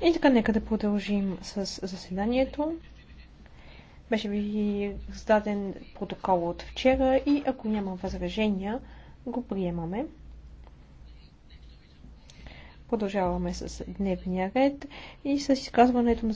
И така, нека да продължим с заседанието. Беше ви зададен протокол от вчера и ако няма възражения, го приемаме. Продължаваме с дневния ред и с изказването на